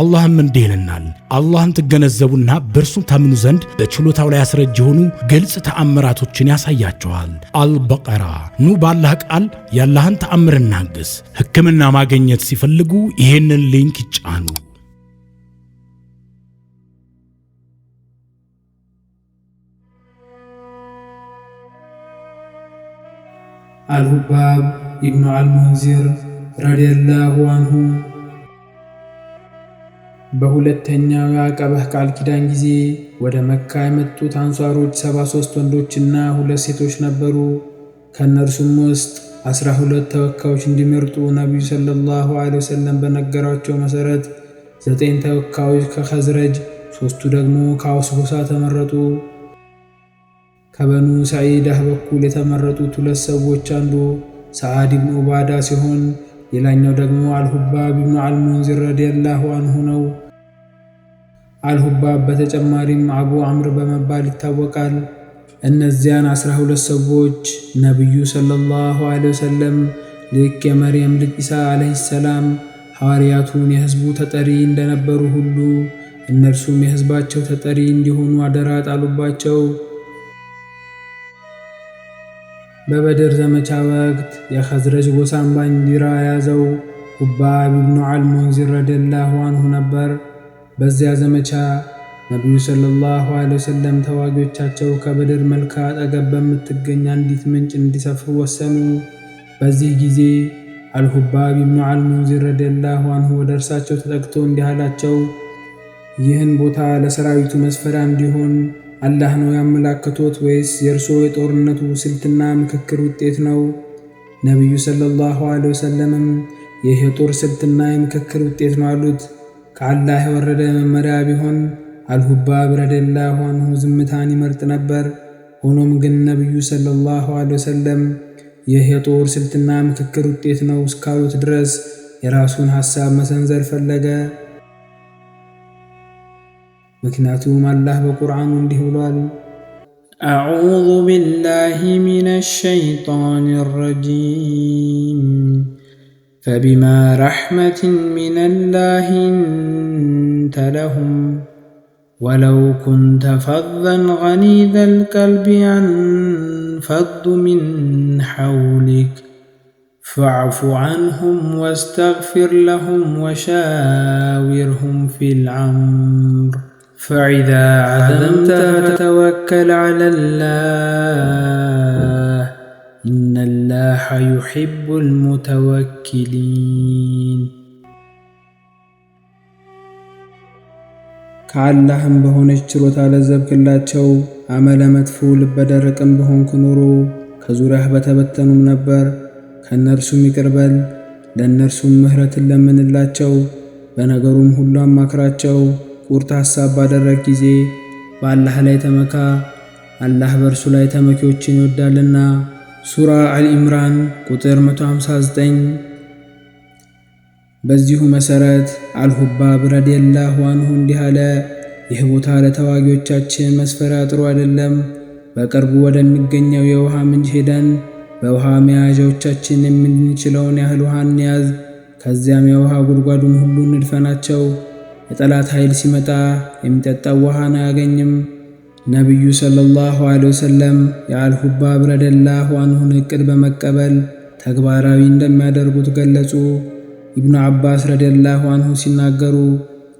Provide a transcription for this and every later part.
አላህም እንዲህ ይለናል፣ አላህን ትገነዘቡና በእርሱ ታምኑ ዘንድ በችሎታው ላይ አስረጅ የሆኑ ግልጽ ተአምራቶችን ያሳያቸዋል። አልበቀራ ኑ ባላህ ቃል ያላህን ተአምር እናግስ። ሕክምና ማግኘት ሲፈልጉ ይህንን ሊንክ ይጫኑ። አልሁባብ ኢብኑ አልሙንዚር ረዲየላሁ አንሁ በሁለተኛው የአቀበህ ቃል ኪዳን ጊዜ ወደ መካ የመጡት አንሷሮች 73 ወንዶችና ሁለት ሴቶች ነበሩ። ከእነርሱም ውስጥ አስራ ተወካዮች እንዲመርጡ ነቢዩ ሰለላሁ ዐለይሂ ወሰለም በነገሯቸው መሠረት ዘጠኝ ተወካዮች ከኸዝረጅ፣ ሦስቱ ደግሞ ከአውስ ተመረጡ። ከበኑ ሰዒዳህ በኩል የተመረጡት ሁለት ሰዎች አንዱ ሰዓድ ብን ኡባዳ ሲሆን ሌላኛው ደግሞ አልሁባብ ብኑ አልሙንዚር ረዲየላሁ አንሁ ነው። አልሁባብ በተጨማሪም አቡ አምር በመባል ይታወቃል። እነዚያን አስራ ሁለት ሰዎች ነቢዩ ሰለላሁ ዐለይሂ ወሰለም ልክ የመርየም ልጅ ኢሳ ዐለይሂ ሰላም ሐዋርያቱን የሕዝቡ ተጠሪ እንደነበሩ ሁሉ እነርሱም የሕዝባቸው ተጠሪ እንዲሆኑ አደራ ጣሉባቸው። በበድር ዘመቻ ወቅት የኸዝረጅ ጎሳን ባንዲራ የያዘው ሁባብ ብኑ አልሙንዚር ረዲየላሁ አንሁ ነበር። በዚያ ዘመቻ ነቢዩ ሰለላሁ ዐለይሂ ወሰለም ተዋጊዎቻቸው ከበድር መልካ አጠገብ በምትገኝ አንዲት ምንጭ እንዲሰፍሩ ወሰኑ። በዚህ ጊዜ አልሁባብ ኢብኑ አልሙንዚር ረዲየላሁ አንሁ ወደ እርሳቸው ተጠግቶ እንዲህ አላቸው፣ ይህን ቦታ ለሰራዊቱ መስፈሪያ እንዲሆን አላህ ነው ያመላከቶት ወይስ የእርሶ የጦርነቱ ስልትና ምክክር ውጤት ነው? ነቢዩ ሰለላሁ ዐለይሂ ወሰለምም ይህ የጦር ስልትና የምክክር ውጤት ነው አሉት። ከአላህ የወረደ መመሪያ ቢሆን አልሁባ ብረደላ ሆንሁ ዝምታን ይመርጥ ነበር። ሆኖም ግን ነቢዩ ሰለላሁ ዐለይሂ ወሰለም ይህ የጦር ስልትና ምክክር ውጤት ነው እስካሉት ድረስ የራሱን ሐሳብ መሰንዘር ፈለገ። ምክንያቱም አላህ በቁርአኑ እንዲህ ብሏል፣ አዑዙ ቢላሂ ሚነ ሸይጣን ረጂም ፈቢማ ረሕመትን ሚነላሂ እንተ ለሁም ወለው ኩንተ ፈዘን ገሊዘል ቀልቢ አንፈዱ ሚን ሐውሊክ فاعف عنهم واستغفر لهم وشاورهم في العمر فإذا عزمت فتوكل على الله إن الله يحب المتوكلين ከአላህም በሆነች ችሎታ ለዘብክላቸው አመለ መጥፎ ልበደረቅም በሆንክ ኖሮ ከዙሪያህ በተበተኑም ነበር። ከእነርሱም ይቅርበል ለእነርሱም ምሕረትን ለምንላቸው፣ በነገሩም ሁሉ አማክራቸው። ቁርጥ ሐሳብ ባደረግ ጊዜ በአላህ ላይ ተመካ፣ አላህ በእርሱ ላይ ተመኪዎችን ይወዳልና። ሱራ አልኢምራን ቁጥር 159። በዚሁ መሠረት አልሁባብ ረዲየላሁ አንሁ እንዲህ አለ፣ ይህ ቦታ ለተዋጊዎቻችን መስፈሪያ ጥሩ አይደለም። በቅርቡ ወደሚገኘው የውሃ ምንጭ ሄደን በውሃ መያዣዎቻችን የምንችለውን ያህል ውሃ እንያዝ። ከዚያም የውሃ ጉድጓዱን ሁሉ እንድፈናቸው። የጠላት ኃይል ሲመጣ የሚጠጣው ውሃን አያገኝም። ነቢዩ ሰለላሁ ዐለይሂ ወሰለም የአልሁባብ ረዲየላሁ አንሁን እቅድ በመቀበል ተግባራዊ እንደሚያደርጉት ገለጹ። ኢብኑ አባስ ረደላሁ አንሁ ሲናገሩ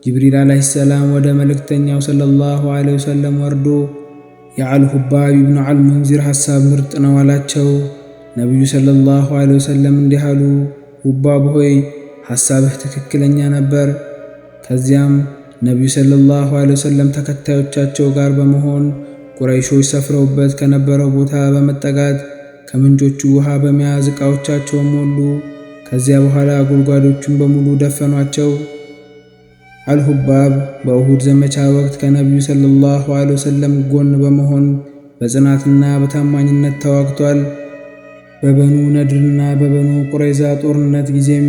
ጅብሪል ዓለይሂ ሰላም ወደ መልእክተኛው ሰለላሁ ዐለይሂ ወሰለም ወርዶ የአልሁባብ ኢብኑ አልሙንዚር ሐሳብ ምርጥ ነው አላቸው። ነቢዩ ሰለላሁ ዐለይሂ ወሰለም እንዲህ አሉ፣ ሁባብ ሆይ ሐሳብህ ትክክለኛ ነበር ከዚያም ነቢዩ ሰለላሁ ዐለይሂ ወሰለም ተከታዮቻቸው ጋር በመሆን ቁረይሾች ሰፍረውበት ከነበረው ቦታ በመጠጋት ከምንጮቹ ውሃ በመያዝ ዕቃዎቻቸውን ሞሉ። ከዚያ በኋላ ጉድጓዶቹን በሙሉ ደፈኗቸው። አልሁባብ በኡሁድ ዘመቻ ወቅት ከነቢዩ ሰለላሁ ዐለይሂ ወሰለም ጎን በመሆን በጽናትና በታማኝነት ተዋግቷል። በበኑ ነድርና በበኑ ቁረይዛ ጦርነት ጊዜም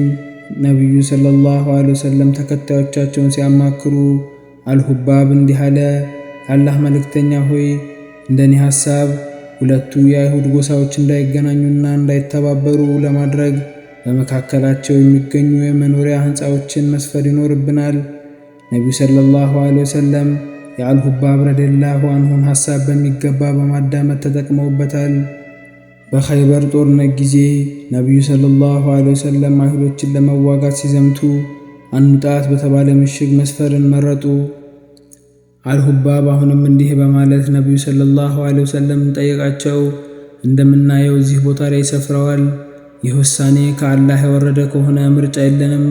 ነቢዩ ሰለላሁ ዐለይሂ ወሰለም ተከታዮቻቸውን ሲያማክሩ አልሁባብ እንዲህ አለ፣ አላህ መልእክተኛ ሆይ እንደኔ ሐሳብ ሁለቱ የአይሁድ ጎሳዎች እንዳይገናኙና እንዳይተባበሩ ለማድረግ በመካከላቸው የሚገኙ የመኖሪያ ሕንፃዎችን መስፈር ይኖርብናል። ነቢዩ ሰለላሁ ዐለይሂ ወሰለም የአልሁባብ ረዲየላሁ አንሁን ሐሳብ በሚገባ በማዳመጥ ተጠቅመውበታል። በኸይበር ጦርነት ጊዜ ነቢዩ ሰለላሁ ዐለይሂ ወሰለም አይሁዶችን ለመዋጋት ሲዘምቱ ጣት በተባለ ምሽግ መስፈርን መረጡ። አልሁባብ አሁንም እንዲህ በማለት ነቢዩ ሰለላሁ ዐለይሂ ወሰለም ጠየቃቸው። እንደምናየው እዚህ ቦታ ላይ ሰፍረዋል። ይህ ውሳኔ ከአላህ የወረደ ከሆነ ምርጫ የለንም።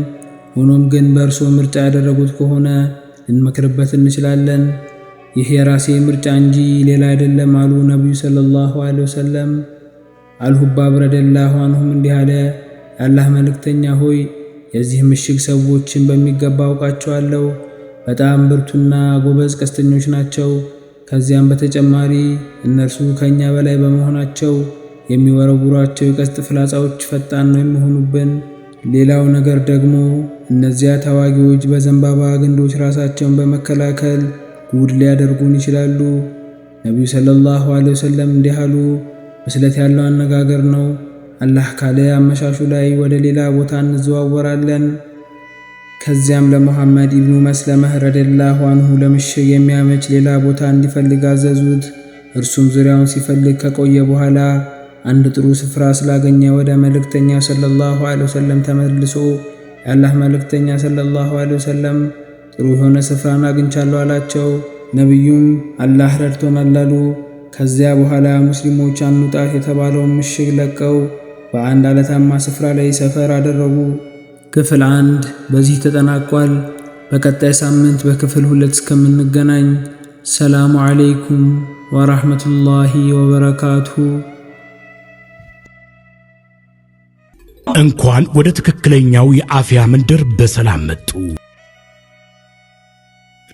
ሆኖም ግን በእርሶ ምርጫ ያደረጉት ከሆነ ልንመክርበት እንችላለን። ይህ የራሴ ምርጫ እንጂ ሌላ አይደለም አሉ ነቢዩ ሰለላሁ ዐለይሂ ወሰለም። አልሁባ ብረደላሁ አንሁም እንዲህ አለ፣ የአላህ መልእክተኛ ሆይ የዚህ ምሽግ ሰዎችን በሚገባ አውቃቸዋለሁ። በጣም ብርቱና ጎበዝ ቀስተኞች ናቸው። ከዚያም በተጨማሪ እነርሱ ከእኛ በላይ በመሆናቸው የሚወረውሯቸው የቀስት ፍላጻዎች ፈጣን ነው የሚሆኑብን። ሌላው ነገር ደግሞ እነዚያ ተዋጊዎች በዘንባባ ግንዶች ራሳቸውን በመከላከል ጉድ ሊያደርጉን ይችላሉ። ነቢዩ ሰለላሁ ዐለይሂ ወሰለም እንዲህ አሉ ብስለት ያለው አነጋገር ነው። አላህ ካለ አመሻሹ ላይ ወደ ሌላ ቦታ እንዘዋወራለን። ከዚያም ለሙሐመድ ኢብኑ መስለመህ ረዲየላሁ አንሁ ለምሽግ የሚያመች ሌላ ቦታ እንዲፈልግ አዘዙት። እርሱም ዙሪያውን ሲፈልግ ከቆየ በኋላ አንድ ጥሩ ስፍራ ስላገኘ ወደ መልእክተኛ ሰለላሁ ዐለይሂ ወሰለም ተመልሶ የአላህ መልእክተኛ ሰለላሁ ዐለይሂ ወሰለም ጥሩ የሆነ ስፍራን አግኝቻለሁ አላቸው። ነቢዩም አላህ ረድቶናል አሉ። ከዚያ በኋላ ሙስሊሞች አንውጣት የተባለውን ምሽግ ለቀው በአንድ አለታማ ስፍራ ላይ ሰፈር አደረጉ። ክፍል አንድ በዚህ ተጠናቋል። በቀጣይ ሳምንት በክፍል ሁለት እስከምንገናኝ ሰላሙ አለይኩም ወራህመቱላሂ ወበረካቱሁ። እንኳን ወደ ትክክለኛው የአፍያ መንደር በሰላም መጡ።